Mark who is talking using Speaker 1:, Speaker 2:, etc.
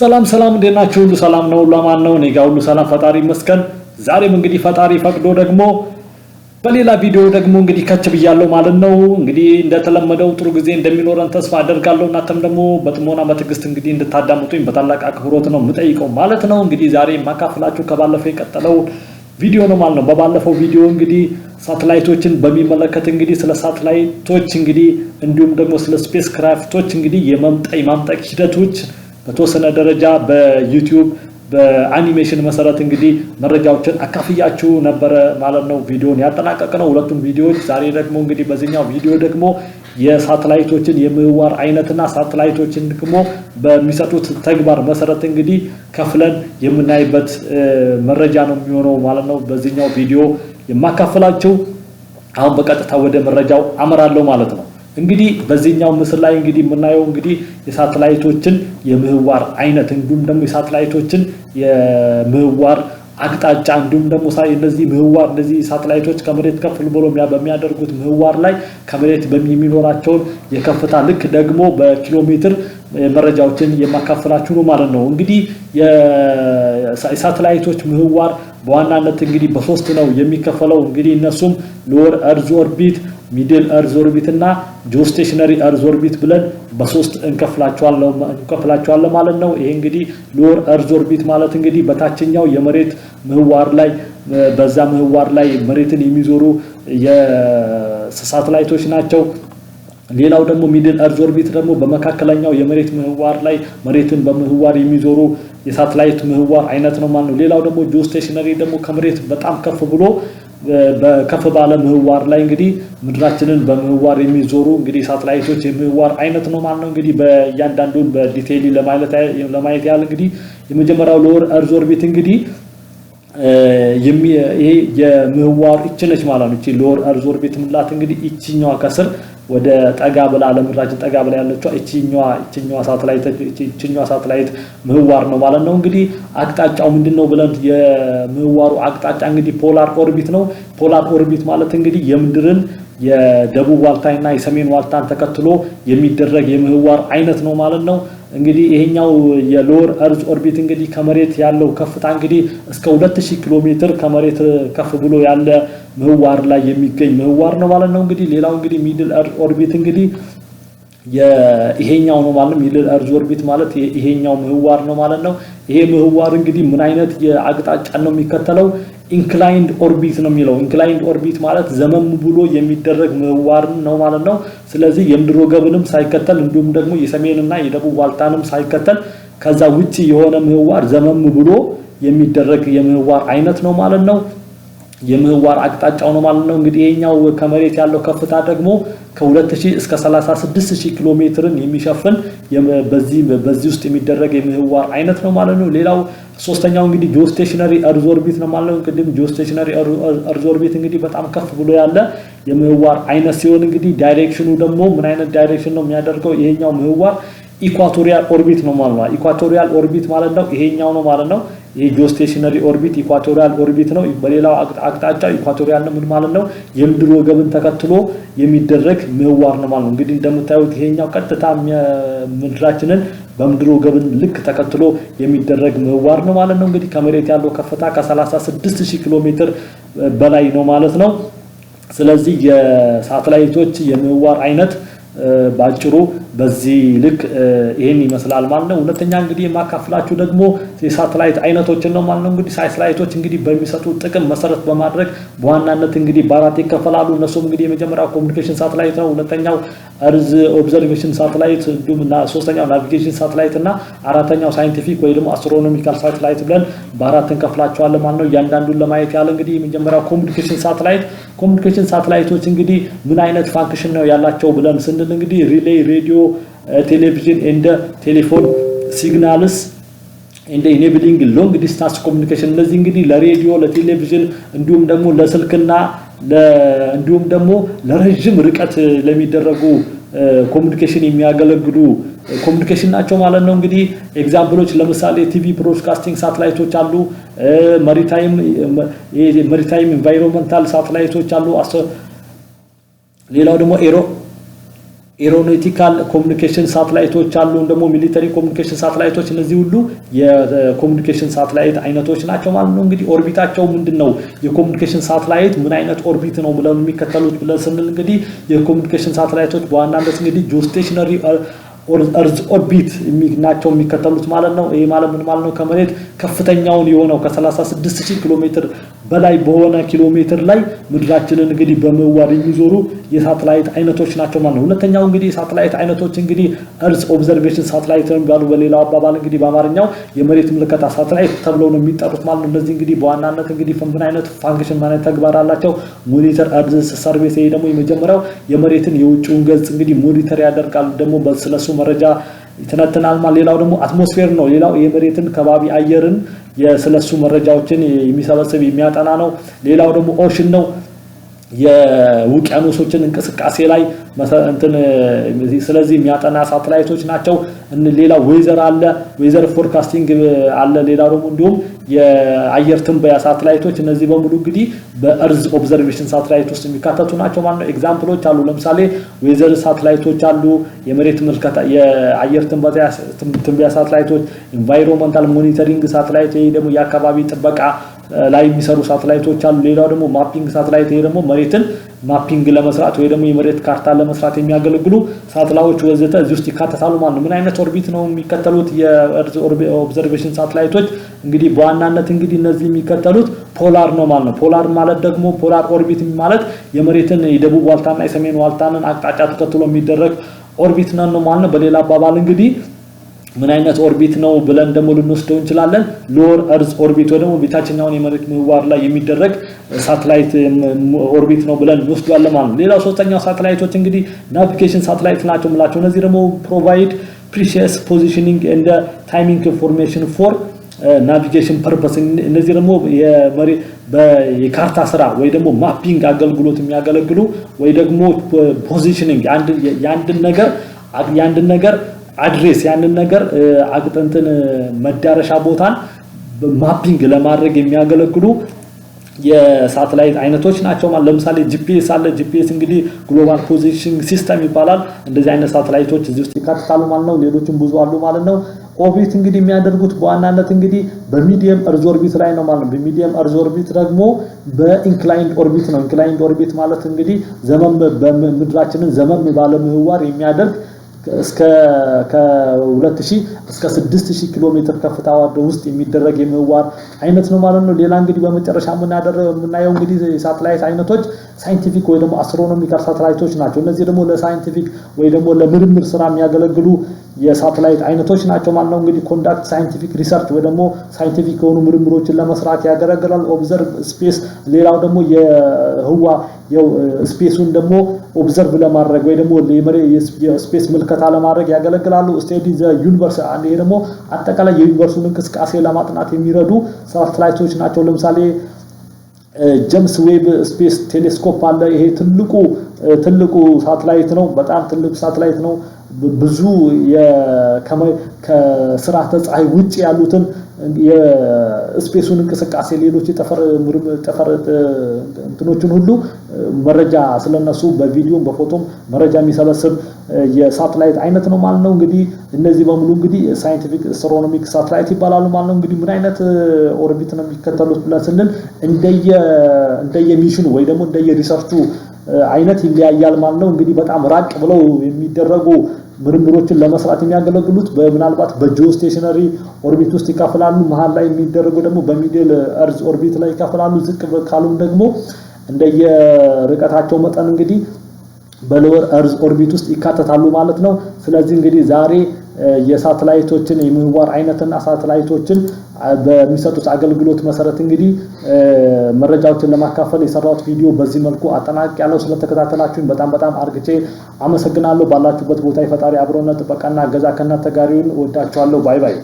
Speaker 1: ሰላም ሰላም፣ እንዴት ናችሁ? ሁሉ ሰላም ነው? ለማን ነው? እኔ ጋር ሁሉ ሰላም፣ ፈጣሪ ይመስገን። ዛሬም እንግዲህ ፈጣሪ ፈቅዶ ደግሞ በሌላ ቪዲዮ ደግሞ እንግዲህ ከች ብያለሁ ማለት ነው። እንግዲህ እንደተለመደው ጥሩ ጊዜ እንደሚኖረን ተስፋ አደርጋለሁ። እናንተም ደግሞ በጥሞና በትዕግስት እንግዲህ እንድታዳምጡኝ በታላቅ አክብሮት ነው የምጠይቀው ማለት ነው። እንግዲህ ዛሬ የማካፍላችሁ ከባለፈው የቀጠለው ቪዲዮ ነው ማለት ነው። በባለፈው ቪዲዮ እንግዲህ ሳተላይቶችን በሚመለከት እንግዲህ ስለ ሳተላይቶች እንግዲህ እንዲሁም ደግሞ ስለ ስፔስ ክራፍቶች እንግዲህ የመምጠቅ ሂደቶች በተወሰነ ደረጃ በዩቲዩብ በአኒሜሽን መሰረት እንግዲህ መረጃዎችን አካፍያችሁ ነበረ ማለት ነው። ቪዲዮን ያጠናቀቅ ነው ሁለቱም ቪዲዮዎች። ዛሬ ደግሞ እንግዲህ በዚህኛው ቪዲዮ ደግሞ የሳተላይቶችን የምህዋር አይነትና ሳተላይቶችን ደግሞ በሚሰጡት ተግባር መሰረት እንግዲህ ከፍለን የምናይበት መረጃ ነው የሚሆነው ማለት ነው። በዚህኛው ቪዲዮ የማካፍላችሁ አሁን በቀጥታ ወደ መረጃው አመራለሁ ማለት ነው። እንግዲህ በዚህኛው ምስል ላይ እንግዲህ የምናየው እንግዲህ የሳተላይቶችን የምህዋር አይነት እንዲሁም ደግሞ የሳተላይቶችን የምህዋር አቅጣጫ እንዲሁም ደግሞ እነዚህ ምህዋር እነዚህ ሳተላይቶች ከመሬት ከፍል ብሎ በሚያደርጉት ምህዋር ላይ ከመሬት የሚኖራቸውን የከፍታ ልክ ደግሞ በኪሎ ሜትር መረጃዎችን የማካፈላችሁ ነው ማለት ነው። እንግዲህ የሳተላይቶች ምህዋር በዋናነት እንግዲህ በሶስት ነው የሚከፈለው። እንግዲህ እነሱም ሎወር እርዝ ኦርቢት ሚድል እርዝ ኦርቢት እና ጆስቴሽነሪ እርዝ ኦርቢት ብለን በሶስት እንከፍላቸዋለን ማለት ነው። ይሄ እንግዲህ ሎር እርዝ ኦርቢት ማለት እንግዲህ በታችኛው የመሬት ምህዋር ላይ በዛ ምህዋር ላይ መሬትን የሚዞሩ የሳተላይቶች ናቸው። ሌላው ደግሞ ሚድል እርዝ ኦርቢት ደግሞ በመካከለኛው የመሬት ምህዋር ላይ መሬትን በምህዋር የሚዞሩ የሳተላይት ምህዋር አይነት ነው ማለት ነው። ሌላው ደግሞ ጆስቴሽነሪ ደግሞ ከመሬት በጣም ከፍ ብሎ በከፍ ባለ ምህዋር ላይ እንግዲህ ምድራችንን በምህዋር የሚዞሩ እንግዲህ ሳተላይቶች የምህዋር አይነት ነው ማለት ነው። እንግዲህ በእያንዳንዱን በዲቴይል ለማየት ያህል እንግዲህ የመጀመሪያው ሎወር እርዝ ኦርቢት እንግዲህ ይሄ የምህዋር እቺ ነች ማለት ነው። እቺ ሎወር እርዝ ኦርቢት ምላት እንግዲህ እችኛዋ ከስር ወደ ጠጋ ብላ ለምድራችን ጠጋ ብላ ያለችው እቺኛዋ ሳተላይት እቺኛዋ ሳተላይት ምህዋር ነው ማለት ነው። እንግዲህ አቅጣጫው ምንድነው ብለን የምህዋሩ አቅጣጫ እንግዲህ ፖላር ኦርቢት ነው። ፖላር ኦርቢት ማለት እንግዲህ የምድርን የደቡብ ዋልታና የሰሜን ዋልታን ተከትሎ የሚደረግ የምህዋር አይነት ነው ማለት ነው። እንግዲህ ይሄኛው የሎር እርዝ ኦርቢት እንግዲህ ከመሬት ያለው ከፍታ እንግዲህ እስከ 2000 ኪሎ ሜትር ከመሬት ከፍ ብሎ ያለ ምህዋር ላይ የሚገኝ ምህዋር ነው ማለት ነው። እንግዲህ ሌላው እንግዲህ ሚድል እርዝ ኦርቢት እንግዲህ ይሄኛው ነው ማለት ሚድል እርዝ ኦርቢት ማለት ይሄኛው ምህዋር ነው ማለት ነው። ይሄ ምህዋር እንግዲህ ምን አይነት የአቅጣጫ ነው የሚከተለው? ኢንክላይንድ ኦርቢት ነው የሚለው። ኢንክላይንድ ኦርቢት ማለት ዘመም ብሎ የሚደረግ ምህዋር ነው ማለት ነው። ስለዚህ የምድር ወገብንም ሳይከተል እንዲሁም ደግሞ የሰሜንና የደቡብ ዋልታንም ሳይከተል ከዛ ውጭ የሆነ ምህዋር ዘመም ብሎ የሚደረግ የምህዋር አይነት ነው ማለት ነው። የምህዋር አቅጣጫው ነው ማለት ነው። እንግዲህ ይሄኛው ከመሬት ያለው ከፍታ ደግሞ ከ2000 እስከ 36000 ኪሎ ሜትርን የሚሸፍን በዚህ በዚህ ውስጥ የሚደረግ የምህዋር አይነት ነው ማለት ነው። ሌላው ሶስተኛው እንግዲህ ጂኦስቴሽነሪ እርዝ ኦርቢት ነው ማለት ነው። ቅድም ጂኦስቴሽነሪ እርዝ ኦርቢት እንግዲህ በጣም ከፍ ብሎ ያለ የምህዋር አይነት ሲሆን እንግዲህ ዳይሬክሽኑ ደግሞ ምን አይነት ዳይሬክሽን ነው የሚያደርገው? ይሄኛው ምህዋር ኢኳቶሪያል ኦርቢት ነው ማለት ነው። ኢኳቶሪያል ኦርቢት ማለት ነው ይሄኛው ነው ማለት ነው። የጂኦስቴሽነሪ ኦርቢት ኢኳቶሪያል ኦርቢት ነው። በሌላው አቅጣጫ ኢኳቶሪያል ነው። ምን ማለት ነው? የምድር ወገብን ተከትሎ የሚደረግ ምህዋር ነው ማለት ነው። እንግዲህ እንደምታዩት ይሄኛው ቀጥታ ምድራችንን በምድር ወገብን ልክ ተከትሎ የሚደረግ ምህዋር ነው ማለት ነው። እንግዲህ ከመሬት ያለው ከፍታ ከ 36 ኪሎ ሜትር በላይ ነው ማለት ነው። ስለዚህ የሳተላይቶች የምህዋር አይነት ባጭሩ በዚህ ልክ ይህን ይመስላል ማለት ነው። ሁለተኛ እንግዲህ የማካፍላችሁ ደግሞ የሳተላይት አይነቶችን ነው ማለት ነው። እንግዲህ ሳተላይቶች እንግዲህ በሚሰጡ ጥቅም መሰረት በማድረግ በዋናነት እንግዲህ በአራት ይከፈላሉ። እነሱም እንግዲህ የመጀመሪያው ኮሚኒኬሽን ሳተላይት ነው። ሁለተኛው እርዝ ኦብዘርቬሽን ሳተላይት እንዲሁም ሶስተኛው ናቪጌሽን ሳተላይት እና አራተኛው ሳይንቲፊክ ወይ ደግሞ አስትሮኖሚካል ሳተላይት ብለን በአራት እንከፍላቸዋለን ማለት ነው። እያንዳንዱን ለማየት ያለ እንግዲህ የመጀመሪያው ኮሚኒኬሽን ሳተላይት ኮሚኒኬሽን ሳተላይቶች እንግዲህ ምን አይነት ፋንክሽን ነው ያላቸው ብለን ስንል እንግዲህ ሪሌይ፣ ሬዲዮ፣ ቴሌቪዥን እንደ ቴሌፎን ሲግናልስ እንደ ኢኔብሊንግ ሎንግ ዲስታንስ ኮሚኒኬሽን እነዚህ እንግዲህ ለሬዲዮ፣ ለቴሌቪዥን እንዲሁም ደግሞ ለስልክና እንዲሁም ደግሞ ለረዥም ርቀት ለሚደረጉ ኮሚኒኬሽን eh, የሚያገለግሉ ኮሚኒኬሽን ናቸው ማለት ነው። እንግዲህ ኤግዛምፕሎች ለምሳሌ ቲቪ ብሮድካስቲንግ ሳተላይቶች አሉ፣ መሪታይም ኢንቫይሮንመንታል ሳተላይቶች አሉ። ሌላው ደግሞ ኤሮ ኤሮኖቲካል ኮሚኒኬሽን ሳተላይቶች አሉ። ደግሞ ሚሊተሪ ኮሚኒኬሽን ሳተላይቶች፣ እነዚህ ሁሉ የኮሚኒኬሽን ሳተላይት አይነቶች ናቸው ማለት ነው። እንግዲህ ኦርቢታቸው ምንድን ነው? የኮሚኒኬሽን ሳተላይት ምን አይነት ኦርቢት ነው ብለን የሚከተሉት ብለን ስንል እንግዲህ የኮሚኒኬሽን ሳተላይቶች በዋናነት እንግዲህ ጆስቴሽነሪ እርዝ ኦርቢት ናቸው የሚከተሉት ማለት ነው። ይሄ ማለት ምን ማለት ነው? ከመሬት ከፍተኛውን የሆነው ከ36000 ኪሎ ሜትር በላይ በሆነ ኪሎ ሜትር ላይ ምድራችንን እንግዲህ በመዋድ የሚዞሩ የሳተላይት አይነቶች ናቸው ማለት ነው። ሁለተኛው እንግዲህ የሳተላይት አይነቶች እንግዲህ እርዝ ኦብዘርቬሽን ሳተላይት ነው የሚባሉ፣ በሌላው አባባል እንግዲህ በአማርኛው የመሬት ምልከታ ሳተላይት ተብለው ነው የሚጠሩት ማለት ነው። እነዚህ እንግዲህ በዋናነት እንግዲህ ምን አይነት ፋንክሽን ማለት ተግባር አላቸው? ሞኒተር እርዝ ሰርቬስ። ይሄ ደግሞ የመጀመሪያው የመሬትን የውጭውን ገጽ እንግዲህ ሞኒተር ያደርጋል ደግሞ በስለሱ መረጃ ይተነትናል። ሌላው ደግሞ አትሞስፌር ነው። ሌላው የመሬትን ከባቢ አየርን ስለሱ መረጃዎችን የሚሰበስብ የሚያጠና ነው። ሌላው ደግሞ ኦሽን ነው። የውቅያኖሶችን እንቅስቃሴ ላይ ስለዚህ የሚያጠና ሳተላይቶች ናቸው። ሌላ ዌዘር አለ፣ ዌዘር ፎርካስቲንግ አለ። ሌላ ደግሞ እንዲሁም የአየር ትንበያ ሳተላይቶች። እነዚህ በሙሉ እንግዲህ በእርዝ ኦብዘርቬሽን ሳተላይት ውስጥ የሚካተቱ ናቸው ማለት ነው። ኤግዛምፕሎች አሉ። ለምሳሌ ዌዘር ሳተላይቶች አሉ፣ የመሬት ምልከታ፣ የአየር ትንበያ ሳተላይቶች፣ ኢንቫይሮንመንታል ሞኒተሪንግ ሳተላይት፣ ደግሞ የአካባቢ ጥበቃ ላይ የሚሰሩ ሳተላይቶች አሉ። ሌላው ደግሞ ማፒንግ ሳተላይት፣ ይሄ ደግሞ መሬትን ማፒንግ ለመስራት ወይ ደግሞ የመሬት ካርታ ለመስራት የሚያገለግሉ ሳተላዎች ወዘተ እዚህ ውስጥ ይካተታሉ ማለት ነው። ምን አይነት ኦርቢት ነው የሚከተሉት የእርዝ ኦብዘርቬሽን ሳተላይቶች? እንግዲህ በዋናነት እንግዲህ እነዚህ የሚከተሉት ፖላር ነው ማለት ነው። ፖላር ማለት ደግሞ ፖላር ኦርቢት ማለት የመሬትን የደቡብ ዋልታና የሰሜን ዋልታንን አቅጣጫ ተከትሎ የሚደረግ ኦርቢት ነው ማለት ነው። በሌላ አባባል እንግዲህ ምን አይነት ኦርቢት ነው ብለን ደግሞ ልንወስደው እንችላለን። ሎወር እርዝ ኦርቢት ወይ ደግሞ ቤታችኛውን የመሬት ምህዋር ላይ የሚደረግ ሳተላይት ኦርቢት ነው ብለን እንወስዷለን ማለት ነው። ሌላው ሶስተኛው ሳተላይቶች እንግዲህ ናቪጌሽን ሳተላይት ናቸው የምላቸው እነዚህ ደግሞ ፕሮቫይድ ፕሪሲየስ ፖዚሽኒንግ እንደ ታይሚንግ ኢንፎርሜሽን ፎር ናቪጌሽን ፐርፐስ እነዚህ ደግሞ የካርታ ስራ ወይ ደግሞ ማፒንግ አገልግሎት የሚያገለግሉ ወይ ደግሞ ፖዚሽኒንግ የአንድን ነገር የአንድን ነገር አድሬስ ያንን ነገር አቅጥንትን መዳረሻ ቦታን ማፒንግ ለማድረግ የሚያገለግሉ የሳተላይት አይነቶች ናቸው ማለት ለምሳሌ ጂፒኤስ አለ ጂፒኤስ እንግዲህ ግሎባል ፖዚሽን ሲስተም ይባላል እንደዚህ አይነት ሳተላይቶች እዚህ ውስጥ ይካትታሉ ማለት ነው ሌሎችም ብዙ አሉ ማለት ነው ኦርቢት እንግዲህ የሚያደርጉት በዋናነት እንግዲህ በሚዲየም እርዝ ኦርቢት ላይ ነው ማለት ነው በሚዲየም እርዝ ኦርቢት ደግሞ በኢንክላይንድ ኦርቢት ነው ኢንክላይንድ ኦርቢት ማለት እንግዲህ ዘመን ምድራችንን ዘመን ባለምህዋር የሚያደርግ እስከ ከ2000 እስከ 6000 ኪሎ ሜትር ከፍታ ውስጥ የሚደረግ የምህዋር አይነት ነው ማለት ነው። ሌላ እንግዲህ በመጨረሻ የምናየው እንግዲህ የሳተላይት አይነቶች ሳይንቲፊክ ወይ ደግሞ አስትሮኖሚካል ሳተላይቶች ናቸው። እነዚህ ደግሞ ለሳይንቲፊክ ወይ ደግሞ ለምርምር ስራ የሚያገለግሉ የሳተላይት አይነቶች ናቸው ማለት ነው። እንግዲህ ኮንዳክት ሳይንቲፊክ ሪሰርች ወይ ደግሞ ሳይንቲፊክ የሆኑ ምርምሮችን ለመስራት ያገለግላል። ኦብዘርቭ ስፔስ ሌላው ደግሞ የህዋ ያው ስፔሱን ደግሞ ኦብዘርቭ ለማድረግ ወይ ደግሞ የስፔስ ምልከታ ለማድረግ ያገለግላሉ። ስቴዲ ዘ ዩኒቨርስ ይሄ ደግሞ አጠቃላይ የዩኒቨርሱን እንቅስቃሴ ለማጥናት የሚረዱ ሳተላይቶች ናቸው። ለምሳሌ ጀምስ ዌብ ስፔስ ቴሌስኮፕ አለ። ይሄ ትልቁ ትልቁ ሳተላይት ነው። በጣም ትልቁ ሳተላይት ነው። ብዙ ከስርዓተ ፀሐይ ውጭ ያሉትን የስፔሱን እንቅስቃሴ ሌሎች የጠፈር እንትኖችን ሁሉ መረጃ ስለነሱ በቪዲዮም በፎቶም መረጃ የሚሰበስብ የሳተላይት አይነት ነው ማለት ነው። እንግዲህ እነዚህ በሙሉ እንግዲህ ሳይንቲፊክ አስትሮኖሚክ ሳተላይት ይባላሉ ማለት ነው። እንግዲህ ምን አይነት ኦርቢት ነው የሚከተሉት ብለን ስንል እንደየ እንደየ ሚሽኑ ወይ ደግሞ እንደየ ሪሰርቹ አይነት ይለያያል ማለት ነው። እንግዲህ በጣም ራቅ ብለው የሚደረጉ ምርምሮችን ለመስራት የሚያገለግሉት ምናልባት በጂኦ ስቴሽነሪ ኦርቢት ውስጥ ይከፍላሉ። መሀል ላይ የሚደረጉ ደግሞ በሚድል እርዝ ኦርቢት ላይ ይከፍላሉ ዝቅ ካሉም ደግሞ እንደየርቀታቸው መጠን እንግዲህ በሎወር እርዝ ኦርቢት ውስጥ ይካተታሉ ማለት ነው። ስለዚህ እንግዲህ ዛሬ የሳተላይቶችን የምህዋር አይነትና ሳተላይቶችን በሚሰጡት አገልግሎት መሰረት እንግዲህ መረጃዎችን ለማካፈል የሰራሁት ቪዲዮ በዚህ መልኩ አጠናቅ ያለው። ስለተከታተላችሁኝ በጣም በጣም አርግቼ አመሰግናለሁ። ባላችሁበት ቦታ የፈጣሪ አብሮነት ጥበቃና እገዛ ከእናንተ ጋር ይሁን። ባይ ባይ።